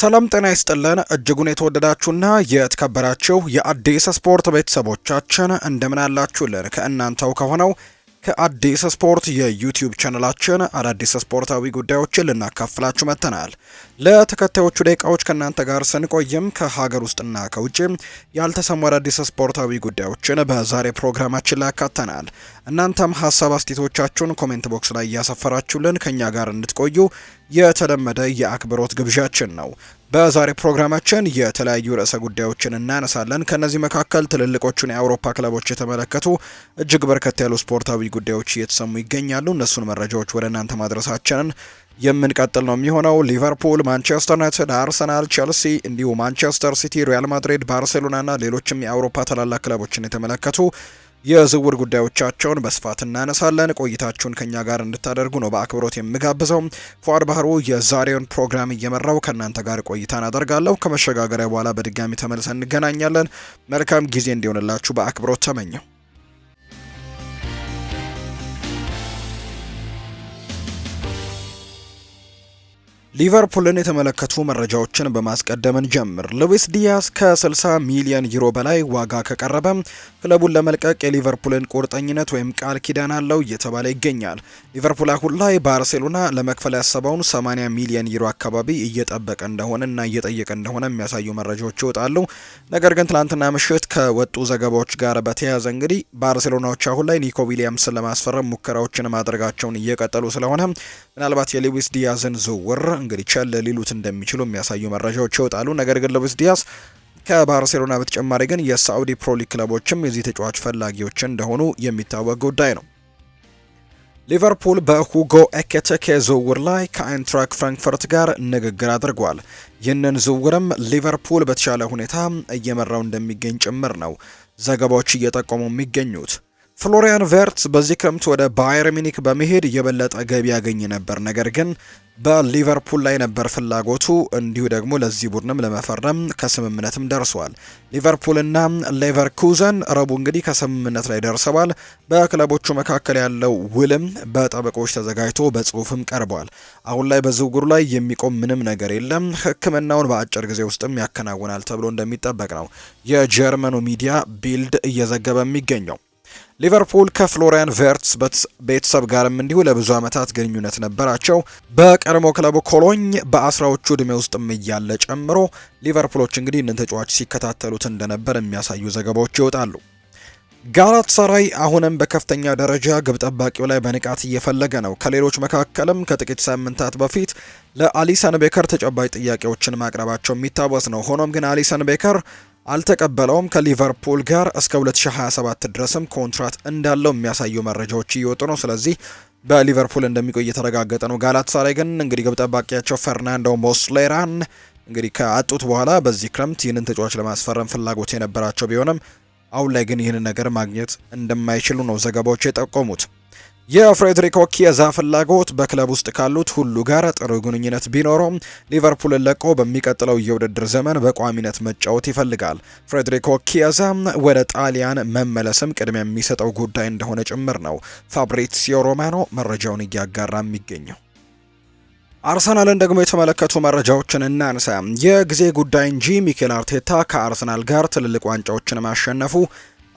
ሰላም ጤና ይስጥልን እጅጉን የተወደዳችሁና የተከበራችሁ የአዲስ ስፖርት ቤተሰቦቻችን እንደምን አላችሁልን? ከእናንተው ከሆነው ከአዲስ ስፖርት የዩቲዩብ ቻነላችን አዳዲስ ስፖርታዊ ጉዳዮችን ልናካፍላችሁ መጥተናል። ለተከታዮቹ ደቂቃዎች ከእናንተ ጋር ስንቆይም ከሀገር ውስጥና ከውጭ ያልተሰሙ አዳዲስ ስፖርታዊ ጉዳዮችን በዛሬ ፕሮግራማችን ላይ ያካተናል። እናንተም ሀሳብ አስቴቶቻችሁን ኮሜንት ቦክስ ላይ እያሰፈራችሁልን ከእኛ ጋር እንድትቆዩ የተለመደ የአክብሮት ግብዣችን ነው። በዛሬ ፕሮግራማችን የተለያዩ ርዕሰ ጉዳዮችን እናነሳለን። ከእነዚህ መካከል ትልልቆቹን የአውሮፓ ክለቦች የተመለከቱ እጅግ በርከት ያሉ ስፖርታዊ ጉዳዮች እየተሰሙ ይገኛሉ። እነሱን መረጃዎች ወደ እናንተ ማድረሳችንን የምንቀጥል ነው የሚሆነው። ሊቨርፑል፣ ማንቸስተር ዩናይትድ፣ አርሰናል፣ ቸልሲ እንዲሁ ማንቸስተር ሲቲ፣ ሪያል ማድሪድ፣ ባርሴሎናና ሌሎችም የአውሮፓ ታላላቅ ክለቦችን የተመለከቱ የዝውውር ጉዳዮቻቸውን በስፋት እናነሳለን። ቆይታችሁን ከኛ ጋር እንድታደርጉ ነው በአክብሮት የምጋብዘው። ፏድ ባህሩ የዛሬውን ፕሮግራም እየመራው ከእናንተ ጋር ቆይታን አደርጋለሁ። ከመሸጋገሪያ በኋላ በድጋሚ ተመልሰን እንገናኛለን። መልካም ጊዜ እንዲሆንላችሁ በአክብሮት ተመኘው። ሊቨርፑልን የተመለከቱ መረጃዎችን በማስቀደምን ጀምር። ሉዊስ ዲያስ ከ60 ሚሊዮን ዩሮ በላይ ዋጋ ከቀረበ ክለቡን ለመልቀቅ የሊቨርፑልን ቁርጠኝነት ወይም ቃል ኪዳን አለው እየተባለ ይገኛል። ሊቨርፑል አሁን ላይ ባርሴሎና ለመክፈል ያሰበውን 80 ሚሊዮን ዩሮ አካባቢ እየጠበቀ እንደሆነ እና እየጠየቀ እንደሆነ የሚያሳዩ መረጃዎች ይወጣሉ። ነገር ግን ትላንትና ምሽት ከወጡ ዘገባዎች ጋር በተያያዘ እንግዲህ ባርሴሎናዎች አሁን ላይ ኒኮ ዊሊያምስን ለማስፈረም ሙከራዎችን ማድረጋቸውን እየቀጠሉ ስለሆነ ምናልባት የሉዊስ ዲያዝን ዝውውር እንግዲህ ቸል ሊሉት እንደሚችሉ የሚያሳዩ መረጃዎች ይወጣሉ። ነገር ግን ሉዊስ ዲያዝ ከባርሴሎና በተጨማሪ ግን የሳዑዲ ፕሮሊግ ክለቦችም የዚህ ተጫዋች ፈላጊዎች እንደሆኑ የሚታወቅ ጉዳይ ነው። ሊቨርፑል በሁጎ ኤኬቴኬ ዝውውር ላይ ከአይንትራክ ፍራንክፈርት ጋር ንግግር አድርጓል። ይህንን ዝውውርም ሊቨርፑል በተሻለ ሁኔታ እየመራው እንደሚገኝ ጭምር ነው ዘገባዎች እየጠቆሙ የሚገኙት። ፍሎሪያን ቬርትስ በዚህ ክረምት ወደ ባየር ሚኒክ በመሄድ የበለጠ ገቢ ያገኝ ነበር። ነገር ግን በሊቨርፑል ላይ ነበር ፍላጎቱ። እንዲሁ ደግሞ ለዚህ ቡድንም ለመፈረም ከስምምነትም ደርሰዋል። ሊቨርፑልና ሌቨርኩዘን ረቡዕ እንግዲህ ከስምምነት ላይ ደርሰዋል። በክለቦቹ መካከል ያለው ውልም በጠበቆች ተዘጋጅቶ በጽሁፍም ቀርቧል። አሁን ላይ በዝውውሩ ላይ የሚቆም ምንም ነገር የለም። ሕክምናውን በአጭር ጊዜ ውስጥም ያከናውናል ተብሎ እንደሚጠበቅ ነው የጀርመኑ ሚዲያ ቢልድ እየዘገበ የሚገኘው። ሊቨርፑል ከፍሎሪያን ቨርትስ ቤተሰብ ጋርም እንዲሁ ለብዙ ዓመታት ግንኙነት ነበራቸው። በቀድሞ ክለቡ ኮሎኝ በአስራዎቹ ዕድሜ ውስጥም እያለ ጨምሮ ሊቨርፑሎች እንግዲህ እንን ተጫዋች ሲከታተሉት እንደነበር የሚያሳዩ ዘገባዎች ይወጣሉ። ጋላት ሰራይ አሁንም በከፍተኛ ደረጃ ግብ ጠባቂው ላይ በንቃት እየፈለገ ነው። ከሌሎች መካከልም ከጥቂት ሳምንታት በፊት ለአሊሰን ቤከር ተጨባጭ ጥያቄዎችን ማቅረባቸው የሚታወስ ነው። ሆኖም ግን አሊሰን ቤከር አልተቀበለውም። ከሊቨርፑል ጋር እስከ 2027 ድረስም ኮንትራት እንዳለው የሚያሳዩ መረጃዎች እየወጡ ነው። ስለዚህ በሊቨርፑል እንደሚቆይ የተረጋገጠ ነው። ጋላታሳራይ ግን እንግዲህ ግብ ጠባቂያቸው ፈርናንዶ ሞስሌራን እንግዲህ ከአጡት በኋላ በዚህ ክረምት ይህንን ተጫዋች ለማስፈረም ፍላጎት የነበራቸው ቢሆንም አሁን ላይ ግን ይህንን ነገር ማግኘት እንደማይችሉ ነው ዘገባዎች የጠቆሙት። የፍሬድሪኮ ኪየዛ ፍላጎት በክለብ ውስጥ ካሉት ሁሉ ጋር ጥሩ ግንኙነት ቢኖረውም ሊቨርፑል ለቆ በሚቀጥለው የውድድር ዘመን በቋሚነት መጫወት ይፈልጋል። ፍሬድሪኮ ኪየዛ ወደ ጣሊያን መመለስም ቅድሚያ የሚሰጠው ጉዳይ እንደሆነ ጭምር ነው ፋብሪሲዮ ሮማኖ መረጃውን እያጋራ የሚገኘው። አርሰናልን ደግሞ የተመለከቱ መረጃዎችን እናንሳ። የጊዜ ጉዳይ እንጂ ሚኬል አርቴታ ከአርሰናል ጋር ትልልቅ ዋንጫዎችን ማሸነፉ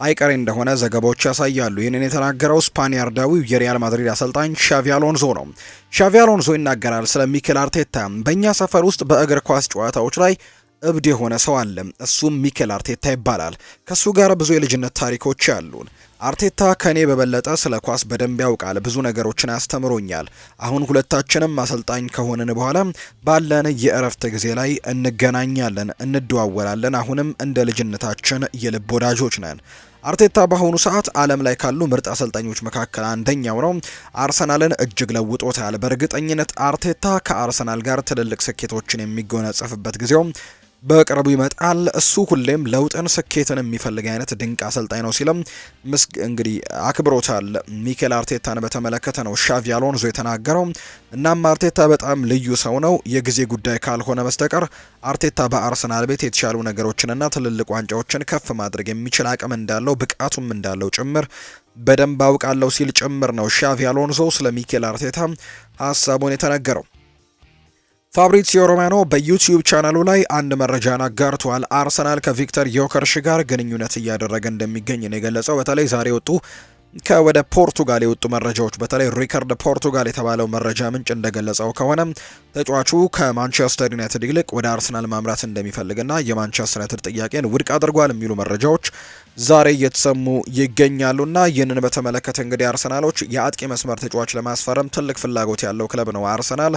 አይቀሬ እንደሆነ ዘገባዎች ያሳያሉ። ይህንን የተናገረው ስፓኒያርዳዊው የሪያል ማድሪድ አሰልጣኝ ሻቪ አሎንዞ ነው። ሻቪ አሎንዞ ይናገራል ስለ ሚኬል አርቴታ፣ በእኛ ሰፈር ውስጥ በእግር ኳስ ጨዋታዎች ላይ እብድ የሆነ ሰው አለ። እሱም ሚኬል አርቴታ ይባላል። ከሱ ጋር ብዙ የልጅነት ታሪኮች አሉን። አርቴታ ከኔ በበለጠ ስለ ኳስ በደንብ ያውቃል። ብዙ ነገሮችን አስተምሮኛል። አሁን ሁለታችንም አሰልጣኝ ከሆንን በኋላ ባለን የእረፍት ጊዜ ላይ እንገናኛለን፣ እንደዋወላለን። አሁንም እንደ ልጅነታችን የልብ ወዳጆች ነን። አርቴታ በአሁኑ ሰዓት ዓለም ላይ ካሉ ምርጥ አሰልጣኞች መካከል አንደኛው ነው። አርሰናልን እጅግ ለውጦታል። በእርግጠኝነት አርቴታ ከአርሰናል ጋር ትልልቅ ስኬቶችን የሚጎናጸፍበት ጊዜው በቅርቡ ይመጣል። እሱ ሁሌም ለውጥን፣ ስኬትን የሚፈልግ አይነት ድንቅ አሰልጣኝ ነው ሲልም ምስ እንግዲህ አክብሮታል። ሚኬል አርቴታን በተመለከተ ነው ሻቪ አሎንዞ የተናገረው። እናም አርቴታ በጣም ልዩ ሰው ነው። የጊዜ ጉዳይ ካልሆነ በስተቀር አርቴታ በአርሰናል ቤት የተሻሉ ነገሮችንና ትልልቅ ዋንጫዎችን ከፍ ማድረግ የሚችል አቅም እንዳለው ብቃቱም እንዳለው ጭምር በደንብ አውቃለሁ ሲል ጭምር ነው ሻቪ አሎንዞ ስለ ሚኬል አርቴታ ሀሳቡን የተናገረው። ፋብሪሲዮ ሮማኖ በዩቲዩብ ቻናሉ ላይ አንድ መረጃን አጋርቷል። አርሰናል ከቪክተር ዮከርሽ ጋር ግንኙነት እያደረገ እንደሚገኝ ነው የገለጸው። በተለይ ዛሬ ወጡ ከወደ ፖርቱጋል የወጡ መረጃዎች በተለይ ሪከርድ ፖርቱጋል የተባለው መረጃ ምንጭ እንደገለጸው ከሆነ ተጫዋቹ ከማንቸስተር ዩናይትድ ይልቅ ወደ አርሰናል ማምራት እንደሚፈልግና የማንቸስተር ዩናይትድ ጥያቄን ውድቅ አድርጓል የሚሉ መረጃዎች ዛሬ እየተሰሙ ይገኛሉና ይህንን በተመለከተ እንግዲህ አርሰናሎች የአጥቂ መስመር ተጫዋች ለማስፈረም ትልቅ ፍላጎት ያለው ክለብ ነው አርሰናል።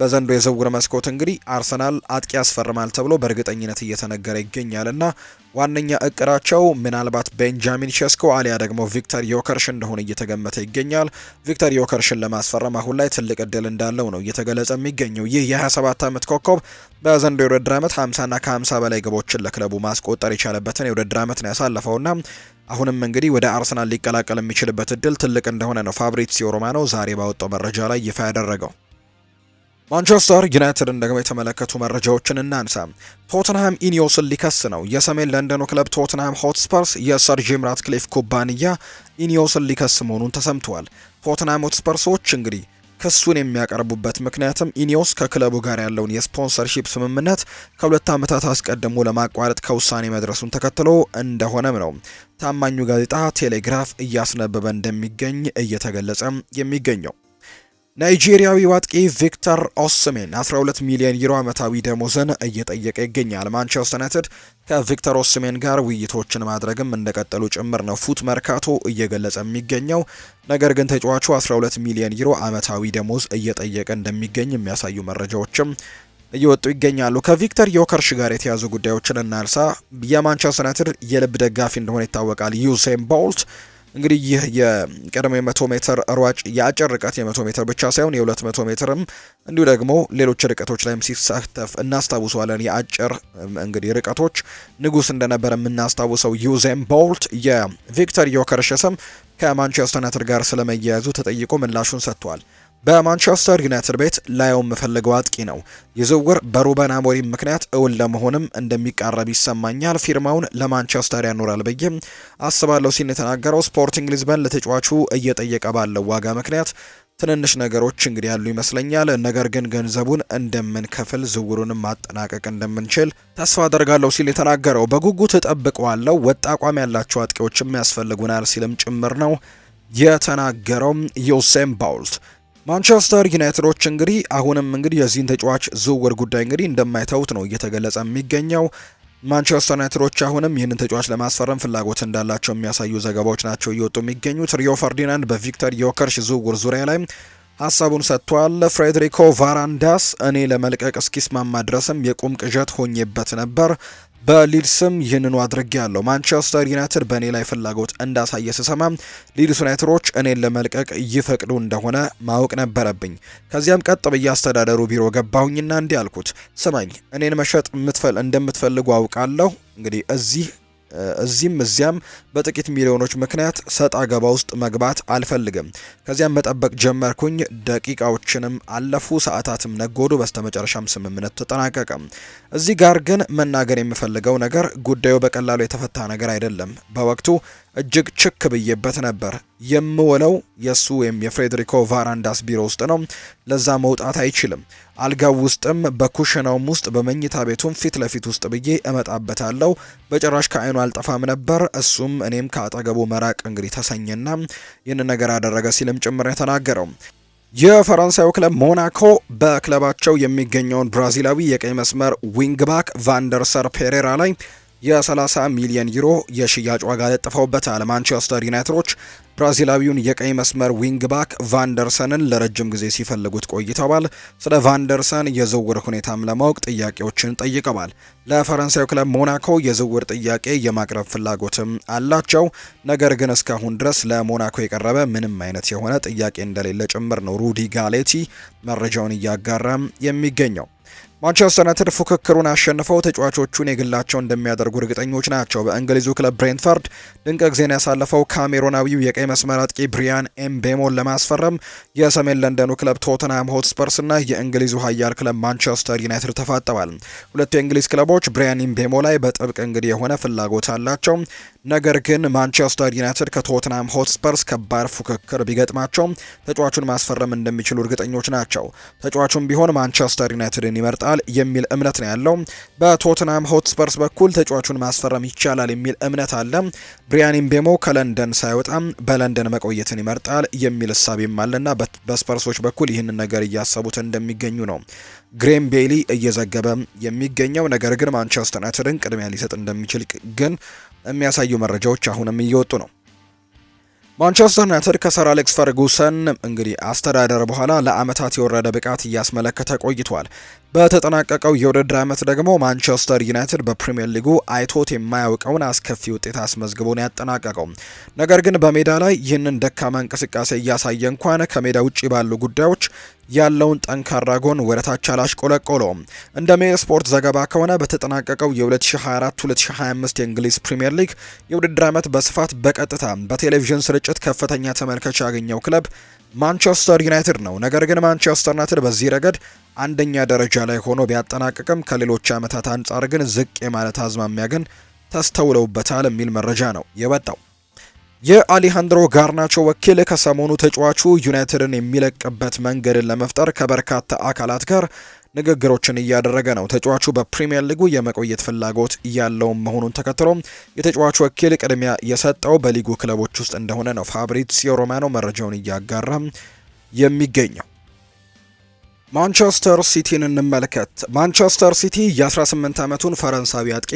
በዘንዶ የዝውውር መስኮት እንግዲህ አርሰናል አጥቂ ያስፈርማል ተብሎ በእርግጠኝነት እየተነገረ ይገኛል እና ዋነኛ እቅዳቸው ምናልባት ቤንጃሚን ሸስኮ አሊያ ደግሞ ቪክተር ዮከርሽ እንደሆነ እየተገመተ ይገኛል። ቪክተር ዮከርሽን ለማስፈረም አሁን ላይ ትልቅ እድል እንዳለው ነው እየተገለጸ የሚገኘው። ይህ የ27 ዓመት ኮከብ በዘንዶ የውድድር ዓመት 50ና ከ50 በላይ ግቦችን ለክለቡ ማስቆጠር የቻለበትን የውድድር ዓመት ነው ያሳለፈውና አሁንም እንግዲህ ወደ አርሰናል ሊቀላቀል የሚችልበት እድል ትልቅ እንደሆነ ነው ፋብሪዚዮ ሮማኖ ዛሬ ባወጣው መረጃ ላይ ይፋ ያደረገው። ማንቸስተር ዩናይትድን ደግሞ የተመለከቱ መረጃዎችን እናንሳ። ቶትንሃም ኢኒዮስን ሊከስ ነው። የሰሜን ለንደኑ ክለብ ቶትንሃም ሆትስፐርስ የሰር ጂም ራትክሊፍ ኩባንያ ኢኒዮስን ሊከስ መሆኑን ተሰምተዋል። ቶትንሃም ሆትስፐርሶች እንግዲህ ክሱን የሚያቀርቡበት ምክንያትም ኢኒዮስ ከክለቡ ጋር ያለውን የስፖንሰርሺፕ ስምምነት ከሁለት ዓመታት አስቀድሞ ለማቋረጥ ከውሳኔ መድረሱን ተከትሎ እንደሆነም ነው ታማኙ ጋዜጣ ቴሌግራፍ እያስነበበ እንደሚገኝ እየተገለጸ የሚገኘው። ናይጄሪያዊው አጥቂ ቪክተር ኦስሜን 12 ሚሊዮን ዩሮ ዓመታዊ ደሞዝን እየጠየቀ ይገኛል። ማንቸስተር ዩናይትድ ከቪክተር ኦስሜን ጋር ውይይቶችን ማድረግም እንደቀጠሉ ጭምር ነው ፉት መርካቶ እየገለጸ የሚገኘው። ነገር ግን ተጫዋቹ 12 ሚሊዮን ዩሮ ዓመታዊ ደሞዝ እየጠየቀ እንደሚገኝ የሚያሳዩ መረጃዎችም እየወጡ ይገኛሉ። ከቪክተር ዮከርሽ ጋር የተያዙ ጉዳዮችን እናልሳ። የማንቸስተር ዩናይትድ የልብ ደጋፊ እንደሆነ ይታወቃል። ዩሴን ቦልት እንግዲህ ይህ የቀድሞ የመቶ ሜትር ሯጭ የአጭር ርቀት የመቶ ሜትር ብቻ ሳይሆን የሁለት መቶ ሜትርም እንዲሁ ደግሞ ሌሎች ርቀቶች ላይም ሲሳተፍ እናስታውሰዋለን። የአጭር እንግዲህ ርቀቶች ንጉስ እንደነበረ የምናስታውሰው ዩዜን ቦልት የቪክተር ዮከርሽስም ከማንቸስተር ዩናይትድ ጋር ስለመያያዙ ተጠይቆ ምላሹን ሰጥቷል። በማንቸስተር ዩናይትድ ቤት ላየው የምፈልገው አጥቂ ነው። የዝውውር በሩበን አሞሪም ምክንያት እውን ለመሆንም እንደሚቃረብ ይሰማኛል። ፊርማውን ለማንቸስተር ያኖራል ብዬ አስባለሁ ሲል የተናገረው ስፖርቲንግ ሊዝበን ለተጫዋቹ እየጠየቀ ባለው ዋጋ ምክንያት ትንንሽ ነገሮች እንግዲህ ያሉ ይመስለኛል። ነገር ግን ገንዘቡን እንደምንከፍል ዝውውሩንም ማጠናቀቅ እንደምንችል ተስፋ አደርጋለሁ ሲል የተናገረው በጉጉት እጠብቀዋለሁ። ወጥ አቋም ያላቸው አጥቂዎችም ያስፈልጉናል ሲልም ጭምር ነው የተናገረው ዩሴን ቦልት ማንቸስተር ዩናይትዶች እንግዲህ አሁንም እንግዲህ የዚህን ተጫዋች ዝውውር ጉዳይ እንግዲህ እንደማይተውት ነው እየተገለጸ የሚገኘው። ማንቸስተር ዩናይትዶች አሁንም ይህንን ተጫዋች ለማስፈረም ፍላጎት እንዳላቸው የሚያሳዩ ዘገባዎች ናቸው እየወጡ የሚገኙት። ሪዮ ፈርዲናንድ በቪክተር ዮከርሽ ዝውውር ዙሪያ ላይ ሀሳቡን ሰጥቷል። ፍሬድሪኮ ቫራንዳስ እኔ ለመልቀቅ እስኪስማማ ድረስም የቁም ቅዠት ሆኜበት ነበር። በሊድስም ይህንኑ አድርጌ ያለው ማንቸስተር ዩናይትድ በእኔ ላይ ፍላጎት እንዳሳየ ስሰማ ሊድስ ዩናይትሮች እኔን ለመልቀቅ ይፈቅዱ እንደሆነ ማወቅ ነበረብኝ። ከዚያም ቀጥ ብዬ አስተዳደሩ ቢሮ ገባሁኝና እንዲህ አልኩት፣ ስማኝ እኔን መሸጥ እንደምትፈልጉ አውቃለሁ። እንግዲህ እዚህ እዚህም እዚያም በጥቂት ሚሊዮኖች ምክንያት ሰጥ አገባ ውስጥ መግባት አልፈልግም። ከዚያም መጠበቅ ጀመርኩኝ። ደቂቃዎችንም አለፉ፣ ሰዓታትም ነጎዱ። በስተመጨረሻም ስምምነት ተጠናቀቀ። እዚህ ጋር ግን መናገር የምፈልገው ነገር ጉዳዩ በቀላሉ የተፈታ ነገር አይደለም። በወቅቱ እጅግ ችክ ብዬበት ነበር። የምውለው የእሱ ወይም የፍሬድሪኮ ቫራንዳስ ቢሮ ውስጥ ነው። ለዛ መውጣት አይችልም። አልጋው ውስጥም በኩሽናውም ውስጥ በመኝታ ቤቱም ፊት ለፊት ውስጥ ብዬ እመጣበታለሁ። በጭራሽ ከአይኑ አልጠፋም ነበር። እሱም እኔም ከአጠገቡ መራቅ እንግዲህ ተሰኘና ይህን ነገር አደረገ ሲልም ጭምር የተናገረው የፈረንሳዩ ክለብ ሞናኮ በክለባቸው የሚገኘውን ብራዚላዊ የቀኝ መስመር ዊንግባክ ቫንደርሰር ፔሬራ ላይ የ30 ሚሊዮን ዩሮ የሽያጭ ዋጋ ለጥፈውበታል። ማንቸስተር ዩናይትዶች ብራዚላዊውን የቀኝ መስመር ዊንግ ባክ ቫንደርሰንን ለረጅም ጊዜ ሲፈልጉት ቆይተዋል። ስለ ቫንደርሰን የዝውውር ሁኔታም ለማወቅ ጥያቄዎችን ጠይቀዋል። ለፈረንሳዩ ክለብ ሞናኮ የዝውውር ጥያቄ የማቅረብ ፍላጎትም አላቸው። ነገር ግን እስካሁን ድረስ ለሞናኮ የቀረበ ምንም አይነት የሆነ ጥያቄ እንደሌለ ጭምር ነው ሩዲ ጋሌቲ መረጃውን እያጋራም የሚገኘው። ማንቸስተር ዩናይትድ ፉክክሩን አሸንፈው ተጫዋቾቹን የግላቸው እንደሚያደርጉ እርግጠኞች ናቸው። በእንግሊዙ ክለብ ብሬንትፈርድ ድንቅ ጊዜን ያሳለፈው ካሜሮናዊው የቀይ መስመር አጥቂ ብሪያን ኤምቤሞን ለማስፈረም የሰሜን ለንደኑ ክለብ ቶተንሃም ሆትስፐርስ እና የእንግሊዙ ኃያል ክለብ ማንቸስተር ዩናይትድ ተፋጠዋል። ሁለቱ የእንግሊዝ ክለቦች ብሪያን ኤምቤሞ ላይ በጥብቅ እንግዲህ የሆነ ፍላጎት አላቸው። ነገር ግን ማንቸስተር ዩናይትድ ከቶትናም ሆትስፐርስ ከባድ ፉክክር ቢገጥማቸው ተጫዋቹን ማስፈረም እንደሚችሉ እርግጠኞች ናቸው። ተጫዋቹም ቢሆን ማንቸስተር ዩናይትድን ይመርጣል። ይመጣል የሚል እምነት ነው ያለው። በቶትናም ሆትስፐርስ በኩል ተጫዋቹን ማስፈረም ይቻላል የሚል እምነት አለ። ብሪያን ቤሞ ከለንደን ሳይወጣም በለንደን መቆየትን ይመርጣል የሚል እሳቤም አለና በስፐርሶች በኩል ይህንን ነገር እያሰቡት እንደሚገኙ ነው ግሬም ቤሊ እየዘገበ የሚገኘው። ነገር ግን ማንቸስተር ዩናይትድን ቅድሚያ ሊሰጥ እንደሚችል ግን የሚያሳዩ መረጃዎች አሁንም እየወጡ ነው። ማንቸስተር ዩናይትድ ከሰር አሌክስ ፈርጉሰን እንግዲህ አስተዳደር በኋላ ለአመታት የወረደ ብቃት እያስመለከተ ቆይቷል። በተጠናቀቀው የውድድር ዓመት ደግሞ ማንቸስተር ዩናይትድ በፕሪምየር ሊጉ አይቶት የማያውቀውን አስከፊ ውጤት አስመዝግቦ ነው ያጠናቀቀው። ነገር ግን በሜዳ ላይ ይህንን ደካማ እንቅስቃሴ እያሳየ እንኳን ከሜዳ ውጭ ባሉ ጉዳዮች ያለውን ጠንካራ ጎን ወደ ታች አላሽቆለቆለውም። እንደ ሜል ስፖርት ዘገባ ከሆነ በተጠናቀቀው የ2024-2025 የእንግሊዝ ፕሪምየር ሊግ የውድድር ዓመት በስፋት በቀጥታ በቴሌቪዥን ስርጭት ከፍተኛ ተመልካች ያገኘው ክለብ ማንቸስተር ዩናይትድ ነው። ነገር ግን ማንቸስተር ዩናይትድ በዚህ ረገድ አንደኛ ደረጃ ላይ ሆኖ ቢያጠናቅቅም ከሌሎች ዓመታት አንጻር ግን ዝቅ የማለት አዝማሚያ ግን ተስተውለውበታል የሚል መረጃ ነው የወጣው። የአሌሃንድሮ ጋርናቾ ወኪል ከሰሞኑ ተጫዋቹ ዩናይትድን የሚለቅበት መንገድን ለመፍጠር ከበርካታ አካላት ጋር ንግግሮችን እያደረገ ነው። ተጫዋቹ በፕሪምየር ሊጉ የመቆየት ፍላጎት ያለው መሆኑን ተከትሎ የተጫዋቹ ወኪል ቅድሚያ የሰጠው በሊጉ ክለቦች ውስጥ እንደሆነ ነው ፋብሪዚዮ ሮማኖ መረጃውን እያጋራ የሚገኘው። ማንቸስተር ሲቲን እንመልከት። ማንቸስተር ሲቲ የ18 ዓመቱን ፈረንሳዊ አጥቂ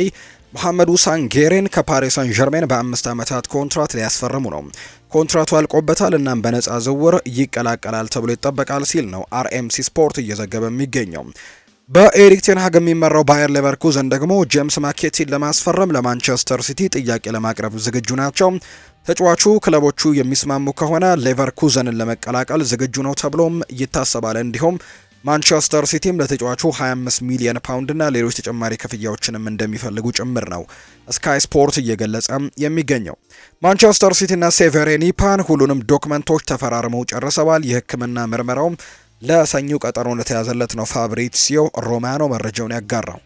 ውሳን ጌሬን ከፓሪስ ሳን ዠርሜን በአምስት ዓመታት ኮንትራት ሊያስፈርሙ ነው። ኮንትራቱ አልቆበታል እናም በነፃ ዝውውር ይቀላቀላል ተብሎ ይጠበቃል ሲል ነው አርኤምሲ ስፖርት እየዘገበ የሚገኘው። በኤሪክ ቴንሃግ የሚመራው ባየር ሌቨርኩዘን ደግሞ ጄምስ ማኬቲን ለማስፈረም ለማንቸስተር ሲቲ ጥያቄ ለማቅረብ ዝግጁ ናቸው። ተጫዋቹ ክለቦቹ የሚስማሙ ከሆነ ሌቨርኩዘንን ለመቀላቀል ዝግጁ ነው ተብሎም ይታሰባል። እንዲሁም ማንቸስተር ሲቲም ለተጫዋቹ 25 ሚሊዮን ፓውንድ እና ሌሎች ተጨማሪ ክፍያዎችንም እንደሚፈልጉ ጭምር ነው ስካይ ስፖርት እየገለጸ የሚገኘው። ማንቸስተር ሲቲና ሴቨሬኒ ፓን ሁሉንም ዶክመንቶች ተፈራርመው ጨርሰዋል። የሕክምና ምርመራውም ለሰኞ ቀጠሮ እንደተያዘለት ነው ፋብሪሲዮ ሮማኖ መረጃውን ያጋራው።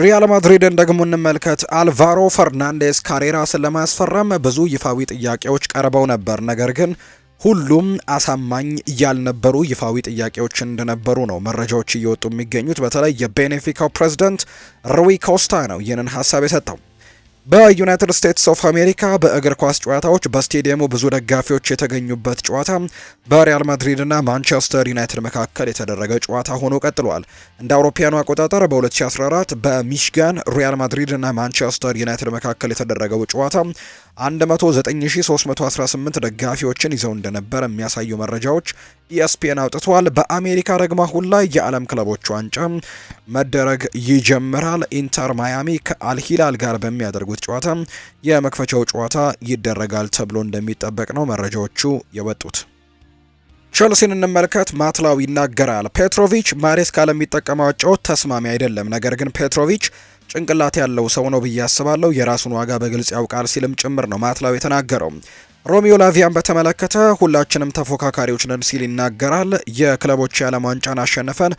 ሪያል ማድሪድን ደግሞ እንመልከት። አልቫሮ ፈርናንዴስ ካሬራስን ለማስፈረም ብዙ ይፋዊ ጥያቄዎች ቀርበው ነበር። ነገር ግን ሁሉም አሳማኝ ያልነበሩ ይፋዊ ጥያቄዎች እንደነበሩ ነው መረጃዎች እየወጡ የሚገኙት። በተለይ የቤኔፊካው ፕሬዝዳንት ሩዊ ኮስታ ነው ይህንን ሀሳብ የሰጠው። በዩናይትድ ስቴትስ ኦፍ አሜሪካ በእግር ኳስ ጨዋታዎች በስቴዲየሙ ብዙ ደጋፊዎች የተገኙበት ጨዋታ በሪያል ማድሪድ ና ማንቸስተር ዩናይትድ መካከል የተደረገ ጨዋታ ሆኖ ቀጥሏል። እንደ አውሮፓያኑ አቆጣጠር በ2014 በሚሽጋን ሪያል ማድሪድና ማንቸስተር ዩናይትድ መካከል የተደረገው ጨዋታ 109318 ደጋፊዎችን ይዘው እንደነበር የሚያሳዩ መረጃዎች ኢኤስፒኤን e አውጥቷል። በአሜሪካ ደግሞ አሁን ላይ የዓለም ክለቦች ዋንጫ መደረግ ይጀምራል። ኢንተር ማያሚ ከአልሂላል ጋር በሚያደርጉት ጨዋታ የመክፈቻው ጨዋታ ይደረጋል ተብሎ እንደሚጠበቅ ነው መረጃዎቹ የወጡት። ቸልሲን እንመልከት። ማትላው ይናገራል። ፔትሮቪች ማሬስካ ለሚጠቀመው አጨዋወት ተስማሚ አይደለም። ነገር ግን ፔትሮቪች ጭንቅላት ያለው ሰው ነው ብዬ አስባለሁ። የራሱን ዋጋ በግልጽ ያውቃል ሲልም ጭምር ነው ማትላው የተናገረው። ሮሚዮ ላቪያን በተመለከተ ሁላችንም ተፎካካሪዎች ነን ሲል ይናገራል። የክለቦች የዓለም ዋንጫን አሸንፈን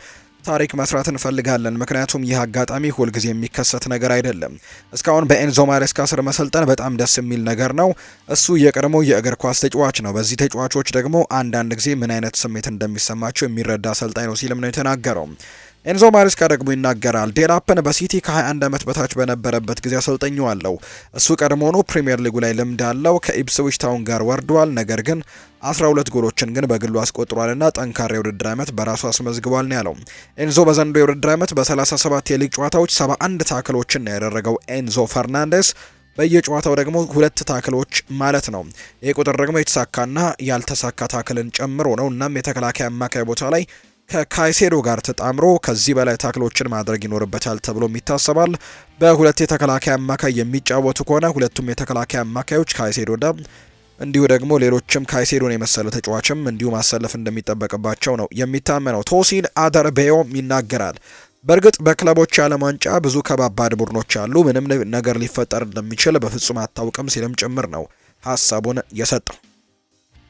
ታሪክ መስራት እንፈልጋለን። ምክንያቱም ይህ አጋጣሚ ሁልጊዜ የሚከሰት ነገር አይደለም። እስካሁን በኤንዞ ማሬስካ ስር መሰልጠን በጣም ደስ የሚል ነገር ነው። እሱ የቀድሞ የእግር ኳስ ተጫዋች ነው። በዚህ ተጫዋቾች ደግሞ አንዳንድ ጊዜ ምን አይነት ስሜት እንደሚሰማቸው የሚረዳ አሰልጣኝ ነው ሲልም ነው የተናገረው። ኤንዞ ማሪስካ ደግሞ ይናገራል። ዴራፕን በሲቲ ከ21 ዓመት በታች በነበረበት ጊዜ አለው እሱ ቀድሞውኑ ፕሪምየር ሊጉ ላይ ልምድ አለው። ከኢፕስዊች ታውን ጋር ወርዷል። ነገር ግን 12 ጎሎችን ግን በግሉ አስቆጥሯልና ጠንካራ የውድድር ዓመት በራሱ አስመዝግቧል ነው ያለው ኤንዞ። በዘንድሮው የውድድር ዓመት በ37 የሊግ ጨዋታዎች 71 ታክሎችን ነው ያደረገው ኤንዞ ፈርናንዴስ በየጨዋታው ደግሞ ሁለት ታክሎች ማለት ነው። ይህ ቁጥር ደግሞ የተሳካና ያልተሳካ ታክልን ጨምሮ ነው። እናም የተከላካይ አማካይ ቦታ ላይ ከካይሴዶ ጋር ተጣምሮ ከዚህ በላይ ታክሎችን ማድረግ ይኖርበታል ተብሎም ይታሰባል። በሁለት የተከላካይ አማካይ የሚጫወቱ ከሆነ ሁለቱም የተከላካይ አማካዮች ካይሴዶና እንዲሁ ደግሞ ሌሎችም ካይሴዶን የመሰለ ተጫዋችም እንዲሁ ማሰለፍ እንደሚጠበቅባቸው ነው የሚታመነው። ቶሲን አደር ቤዮም ይናገራል። በእርግጥ በክለቦች የዓለም ዋንጫ ብዙ ከባባድ ቡድኖች አሉ፣ ምንም ነገር ሊፈጠር እንደሚችል በፍጹም አታውቅም ሲልም ጭምር ነው ሀሳቡን የሰጠው።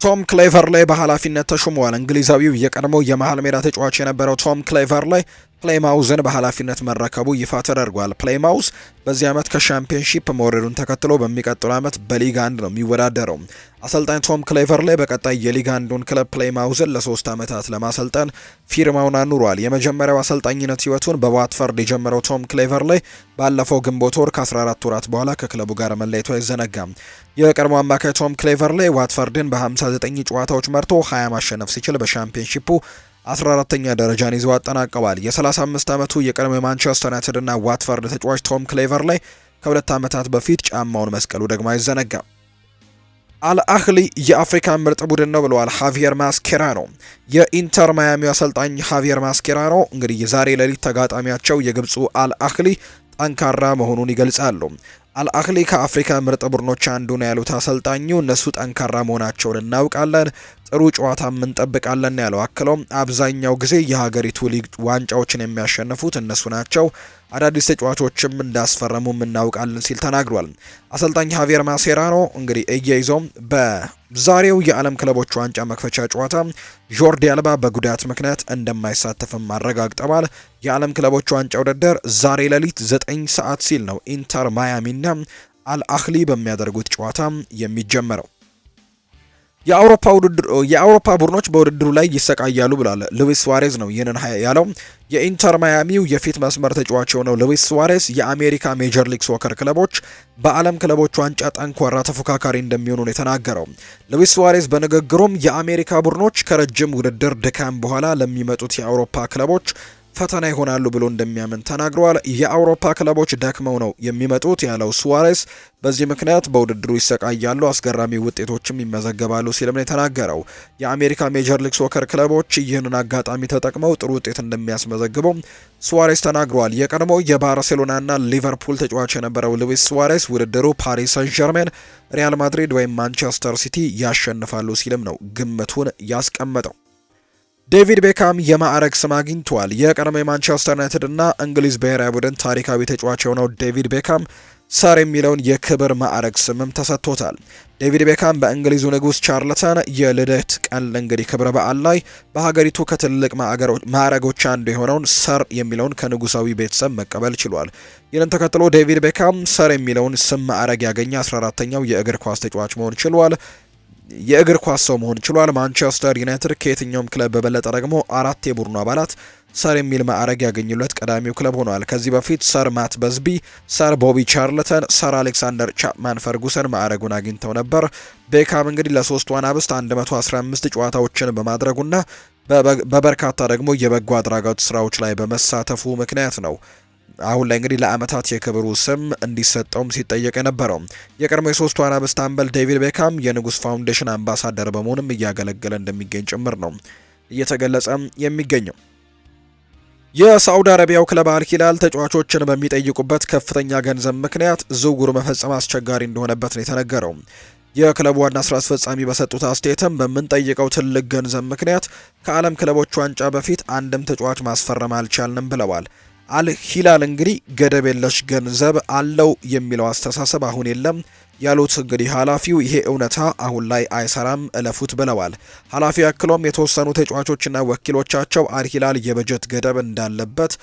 ቶም ክሌቨር ላይ በኃላፊነት ተሹመዋል። እንግሊዛዊው የቀድሞ የመሀል ሜዳ ተጫዋች የነበረው ቶም ክሌቨር ላይ ፕሌማውዝን በኃላፊነት መረከቡ ይፋ ተደርጓል። ፕሌማውዝ በዚህ ዓመት ከሻምፒዮንሺፕ መውረዱን ተከትሎ በሚቀጥሉ ዓመት በሊግ አንድ ነው የሚወዳደረው። አሰልጣኝ ቶም ላይ በቀጣይ የሊግ አንዱን ክለብ ፕሌማውዝን ለሶስት ዓመታት ለማሰልጠን ፊርማውን አኑሯል። የመጀመሪያው አሰልጣኝነት ህይወቱን በዋትፈርድ የጀመረው ቶም ላይ ባለፈው ግንቦት ወር ከ14 ወራት በኋላ ከክለቡ ጋር መለየቱ አይዘነጋም። የቀድሞ አማካይ ቶም ላይ ዋትፈርድን በ59 ጨዋታዎች መርቶ 20 ማሸነፍ ሲችል በሻምፒዮንሺፑ 14ተኛ ደረጃን ይዞ አጠናቀዋል። የ35 ዓመቱ የቀድሞ የማንቸስተር እና ዋትፈርድ ተጫዋች ቶም ክሌቨር ላይ ከሁለት ዓመታት በፊት ጫማውን መስቀሉ ደግሞ አይዘነጋም። አልአህሊ የአፍሪካ ምርጥ ቡድን ነው ብለዋል ሃቪየር ማስኬራኖ። የኢንተር ማያሚው አሰልጣኝ ሃቪየር ማስኬራኖ እንግዲህ የዛሬ ሌሊት ተጋጣሚያቸው የግብፁ አልአህሊ ጠንካራ መሆኑን ይገልጻሉ። አልአህሊ ከአፍሪካ ምርጥ ቡድኖች አንዱ ነው ያሉት አሰልጣኙ እነሱ ጠንካራ መሆናቸውን እናውቃለን፣ ጥሩ ጨዋታ እንጠብቃለን ያለው አክለውም አብዛኛው ጊዜ የሀገሪቱ ሊግ ዋንጫዎችን የሚያሸንፉት እነሱ ናቸው፣ አዳዲስ ተጫዋቾችም እንዳስፈረሙም እናውቃለን ሲል ተናግሯል። አሰልጣኝ ሃቪየር ማሴራኖ እንግዲህ እየይዞም በዛሬው የዓለም ክለቦች ዋንጫ መክፈቻ ጨዋታ ጆርዲ አልባ በጉዳት ምክንያት እንደማይሳተፍም አረጋግጠዋል። የዓለም ክለቦች ዋንጫ ውድድር ዛሬ ሌሊት ዘጠኝ ሰዓት ሲል ነው ኢንተር ማያሚና አልአህሊ በሚያደርጉት ጨዋታ የሚጀመረው። የአውሮፓ ውድድር የአውሮፓ ቡድኖች በውድድሩ ላይ ይሰቃያሉ ብላለ ሉዊስ ሱዋሬዝ ነው ይህንን ያለው። የኢንተር ማያሚው የፊት መስመር ተጫዋች የሆነው ሉዊስ ስዋሬስ የአሜሪካ ሜጀር ሊግ ሶከር ክለቦች በዓለም ክለቦች ዋንጫ ጠንኳራ ተፎካካሪ እንደሚሆኑ ነው የተናገረው። ሉዊስ ሱዋሬዝ በንግግሩም የአሜሪካ ቡድኖች ከረጅም ውድድር ድካም በኋላ ለሚመጡት የአውሮፓ ክለቦች ፈተና ይሆናሉ ብሎ እንደሚያምን ተናግረዋል። የአውሮፓ ክለቦች ደክመው ነው የሚመጡት ያለው ሱዋሬስ በዚህ ምክንያት በውድድሩ ይሰቃያሉ፣ አስገራሚ ውጤቶችም ይመዘገባሉ ሲልም ነው የተናገረው። የአሜሪካ ሜጀር ሊግ ሶከር ክለቦች ይህንን አጋጣሚ ተጠቅመው ጥሩ ውጤት እንደሚያስመዘግቡ ሱዋሬስ ተናግረዋል። የባርሴሎና የባርሴሎናና ሊቨርፑል ተጫዋች የነበረው ሉዊስ ሱዋሬስ ውድድሩ ፓሪስ ሰን ጀርሜን፣ ሪያል ማድሪድ ወይም ማንቸስተር ሲቲ ያሸንፋሉ ሲልም ነው ግምቱን ያስቀመጠው። ዴቪድ ቤካም የማዕረግ ስም አግኝቷል። የቀድሞ የማንቸስተር ዩናይትድና እንግሊዝ ብሔራዊ ቡድን ታሪካዊ ተጫዋች የሆነው ዴቪድ ቤካም ሰር የሚለውን የክብር ማዕረግ ስምም ተሰጥቶታል። ዴቪድ ቤካም በእንግሊዙ ንጉሥ ቻርልተን የልደት ቀን እንግዲህ ክብረ በዓል ላይ በሀገሪቱ ከትልቅ ማዕረጎች አንዱ የሆነውን ሰር የሚለውን ከንጉሳዊ ቤተሰብ መቀበል ችሏል። ይህንን ተከትሎ ዴቪድ ቤካም ሰር የሚለውን ስም ማዕረግ ያገኘ 14ተኛው የእግር ኳስ ተጫዋች መሆን ችሏል። የእግር ኳስ ሰው መሆን ችሏል። ማንቸስተር ዩናይትድ ከየትኛውም ክለብ በበለጠ ደግሞ አራት የቡድኑ አባላት ሰር የሚል ማዕረግ ያገኙለት ቀዳሚው ክለብ ሆኗል። ከዚህ በፊት ሰር ማት በዝቢ፣ ሰር ቦቢ ቻርልተን፣ ሰር አሌክሳንደር ቻፕማን ፈርጉሰን ማዕረጉን አግኝተው ነበር። ቤካም እንግዲህ ለሶስት ዋናብስት 115 ጨዋታዎችን በማድረጉና በበርካታ ደግሞ የበጎ አድራጎት ስራዎች ላይ በመሳተፉ ምክንያት ነው አሁን ላይ እንግዲህ ለአመታት የክብሩ ስም እንዲሰጠውም ሲጠየቅ የነበረው የቀድሞ የሶስቱ አናብስት ስታንበል ዴቪድ ቤካም የንጉስ ፋውንዴሽን አምባሳደር በመሆንም እያገለገለ እንደሚገኝ ጭምር ነው እየተገለጸ የሚገኘው። የሳዑዲ አረቢያው ክለብ አልሂላል ተጫዋቾችን በሚጠይቁበት ከፍተኛ ገንዘብ ምክንያት ዝውውሩ መፈጸም አስቸጋሪ እንደሆነበት ነው የተነገረው። የክለቡ ዋና ስራ አስፈጻሚ በሰጡት አስተያየትም በምንጠይቀው ትልቅ ገንዘብ ምክንያት ከዓለም ክለቦች ዋንጫ በፊት አንድም ተጫዋች ማስፈረም አልቻልንም ብለዋል። አልሂላል እንግዲህ ገደብ የለሽ ገንዘብ አለው የሚለው አስተሳሰብ አሁን የለም ያሉት እንግዲህ ኃላፊው ይሄ እውነታ አሁን ላይ አይሰራም እለፉት ብለዋል። ኃላፊው አክሎም የተወሰኑ ተጫዋቾችና ወኪሎቻቸው አልሂላል የበጀት ገደብ እንዳለበት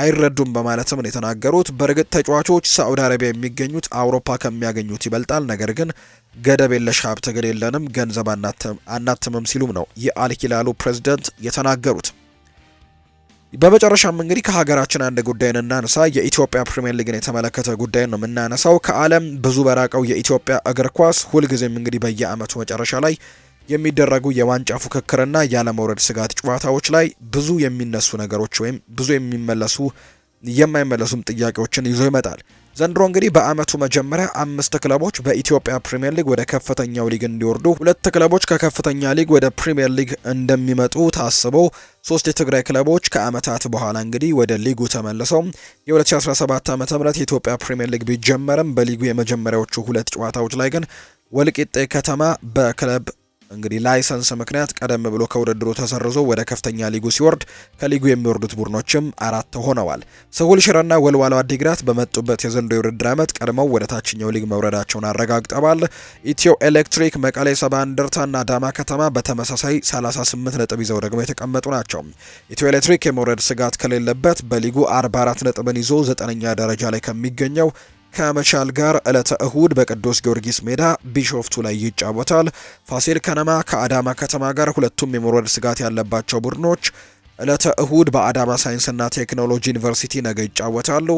አይረዱም በማለትም ነው የተናገሩት። በእርግጥ ተጫዋቾች ሳዑዲ አረቢያ የሚገኙት አውሮፓ ከሚያገኙት ይበልጣል፣ ነገር ግን ገደብ የለሽ ሀብት ግን የለንም፣ ገንዘብ አናትምም ሲሉም ነው የአልሂላሉ ፕሬዚደንት የተናገሩት። በመጨረሻም እንግዲህ ከሀገራችን አንድ ጉዳይን እናነሳ። የኢትዮጵያ ፕሪምየር ሊግን የተመለከተ ጉዳይ ነው የምናነሳው። ከዓለም ብዙ በራቀው የኢትዮጵያ እግር ኳስ ሁልጊዜም እንግዲህ በየአመቱ መጨረሻ ላይ የሚደረጉ የዋንጫ ፉክክርና ያለመውረድ ስጋት ጨዋታዎች ላይ ብዙ የሚነሱ ነገሮች ወይም ብዙ የሚመለሱ የማይመለሱም ጥያቄዎችን ይዞ ይመጣል። ዘንድሮ እንግዲህ በአመቱ መጀመሪያ አምስት ክለቦች በኢትዮጵያ ፕሪምየር ሊግ ወደ ከፍተኛው ሊግ እንዲወርዱ፣ ሁለት ክለቦች ከከፍተኛ ሊግ ወደ ፕሪምየር ሊግ እንደሚመጡ ታስበው፣ ሶስት የትግራይ ክለቦች ከአመታት በኋላ እንግዲህ ወደ ሊጉ ተመልሰው የ2017 ዓ ም የኢትዮጵያ ፕሪምየር ሊግ ቢጀመርም በሊጉ የመጀመሪያዎቹ ሁለት ጨዋታዎች ላይ ግን ወልቂጤ ከተማ በክለብ እንግዲህ ላይሰንስ ምክንያት ቀደም ብሎ ከውድድሩ ተሰርዞ ወደ ከፍተኛ ሊጉ ሲወርድ ከሊጉ የሚወርዱት ቡድኖችም አራት ሆነዋል። ስሁል ሽረና ወልዋሎ አዲግራት በመጡበት የዘንድሮ የውድድር ዓመት ቀድመው ወደ ታችኛው ሊግ መውረዳቸውን አረጋግጠዋል። ኢትዮ ኤሌክትሪክ፣ መቀሌ ሰባ እንደርታና አዳማ ከተማ በተመሳሳይ 38 ነጥብ ይዘው ደግሞ የተቀመጡ ናቸው። ኢትዮ ኤሌክትሪክ የመውረድ ስጋት ከሌለበት በሊጉ 44 ነጥብን ይዞ ዘጠነኛ ደረጃ ላይ ከሚገኘው ከመቻል ጋር ዕለተ እሁድ በቅዱስ ጊዮርጊስ ሜዳ ቢሾፍቱ ላይ ይጫወታል። ፋሲል ከነማ ከአዳማ ከተማ ጋር ሁለቱም የመውረድ ስጋት ያለባቸው ቡድኖች ዕለተ እሁድ በአዳማ ሳይንስና ቴክኖሎጂ ዩኒቨርሲቲ ነገ ይጫወታሉ።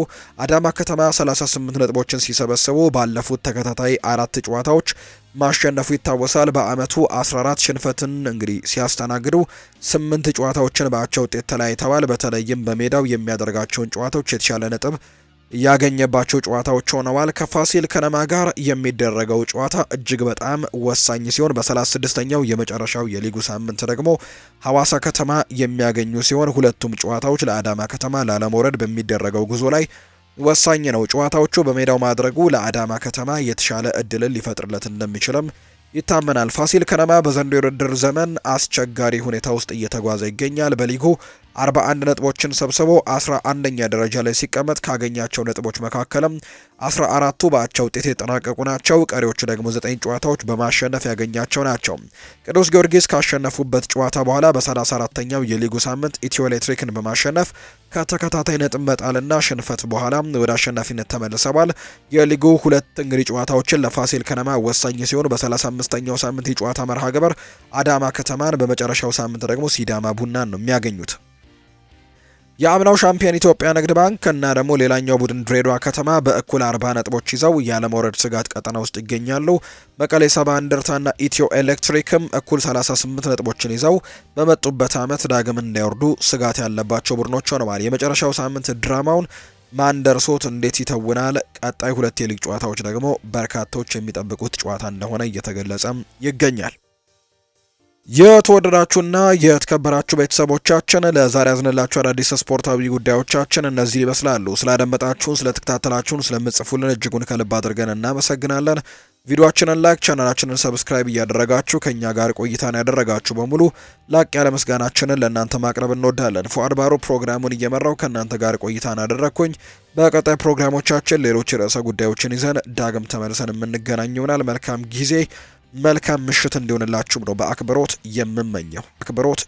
አዳማ ከተማ 38 ነጥቦችን ሲሰበስቡ ባለፉት ተከታታይ አራት ጨዋታዎች ማሸነፉ ይታወሳል። በአመቱ 14 ሽንፈትን እንግዲህ ሲያስተናግዱ ስምንት ጨዋታዎችን በአቻ ውጤት ተለያይተዋል። በተለይም በሜዳው የሚያደርጋቸውን ጨዋታዎች የተሻለ ነጥብ ያገኘባቸው ጨዋታዎች ሆነዋል። ከፋሲል ከነማ ጋር የሚደረገው ጨዋታ እጅግ በጣም ወሳኝ ሲሆን በ36ኛው የመጨረሻው የሊጉ ሳምንት ደግሞ ሐዋሳ ከተማ የሚያገኙ ሲሆን ሁለቱም ጨዋታዎች ለአዳማ ከተማ ላለመውረድ በሚደረገው ጉዞ ላይ ወሳኝ ነው። ጨዋታዎቹ በሜዳው ማድረጉ ለአዳማ ከተማ የተሻለ እድልን ሊፈጥርለት እንደሚችልም ይታመናል። ፋሲል ከነማ በዘንድሮው የውድድር ዘመን አስቸጋሪ ሁኔታ ውስጥ እየተጓዘ ይገኛል። በሊጉ 41 ነጥቦችን ሰብስቦ 11ኛ ደረጃ ላይ ሲቀመጥ ካገኛቸው ነጥቦች መካከልም 14ቱ በአቻ ውጤት የጠናቀቁ ናቸው። ቀሪዎቹ ደግሞ 9 ጨዋታዎች በማሸነፍ ያገኛቸው ናቸው። ቅዱስ ጊዮርጊስ ካሸነፉበት ጨዋታ በኋላ በ34ተኛው የሊጉ ሳምንት ኢትዮ ኤሌክትሪክን በማሸነፍ ከተከታታይ ነጥብ መጣልና ሽንፈት በኋላ ወደ አሸናፊነት ተመልሰዋል። የሊጉ ሁለት እንግዲህ ጨዋታዎችን ለፋሲል ከነማ ወሳኝ ሲሆን በ35ኛው ሳምንት የጨዋታ መርሃ ግበር አዳማ ከተማን፣ በመጨረሻው ሳምንት ደግሞ ሲዳማ ቡናን ነው የሚያገኙት። የአምናው ሻምፒዮን ኢትዮጵያ ንግድ ባንክ እና ደግሞ ሌላኛው ቡድን ድሬዳዋ ከተማ በእኩል 40 ነጥቦች ይዘው ያለመውረድ ስጋት ቀጠና ውስጥ ይገኛሉ። መቀሌ ሰባ እንደርታና ኢትዮ ኤሌክትሪክም እኩል 38 ነጥቦችን ይዘው በመጡበት ዓመት ዳግም እንዳይወርዱ ስጋት ያለባቸው ቡድኖች ሆነዋል። የመጨረሻው ሳምንት ድራማውን ማን ደርሶት እንዴት ይተውናል? ቀጣይ ሁለት የሊግ ጨዋታዎች ደግሞ በርካቶች የሚጠብቁት ጨዋታ እንደሆነ እየተገለጸም ይገኛል። የተወደዳችሁና የተከበራችሁ ቤተሰቦቻችን ለዛሬ ያዝንላችሁ አዳዲስ ስፖርታዊ ጉዳዮቻችን እነዚህ ይመስላሉ። ስላደመጣችሁን፣ ስለተከታተላችሁን፣ ስለምጽፉልን እጅጉን ከልብ አድርገን እናመሰግናለን። ቪዲዮአችንን ላይክ፣ ቻናላችንን ሰብስክራይብ እያደረጋችሁ ከእኛ ጋር ቆይታን ያደረጋችሁ በሙሉ ላቅ ያለ ምስጋናችንን ለእናንተ ማቅረብ እንወዳለን። ፉአድ ባሮ ፕሮግራሙን እየመራው ከእናንተ ጋር ቆይታን አደረግኩኝ። በቀጣይ ፕሮግራሞቻችን ሌሎች ርዕሰ ጉዳዮችን ይዘን ዳግም ተመልሰን የምንገናኝ ይሆናል። መልካም ጊዜ መልካም ምሽት እንዲሆንላችሁም ነው በአክብሮት የምመኘው አክብሮት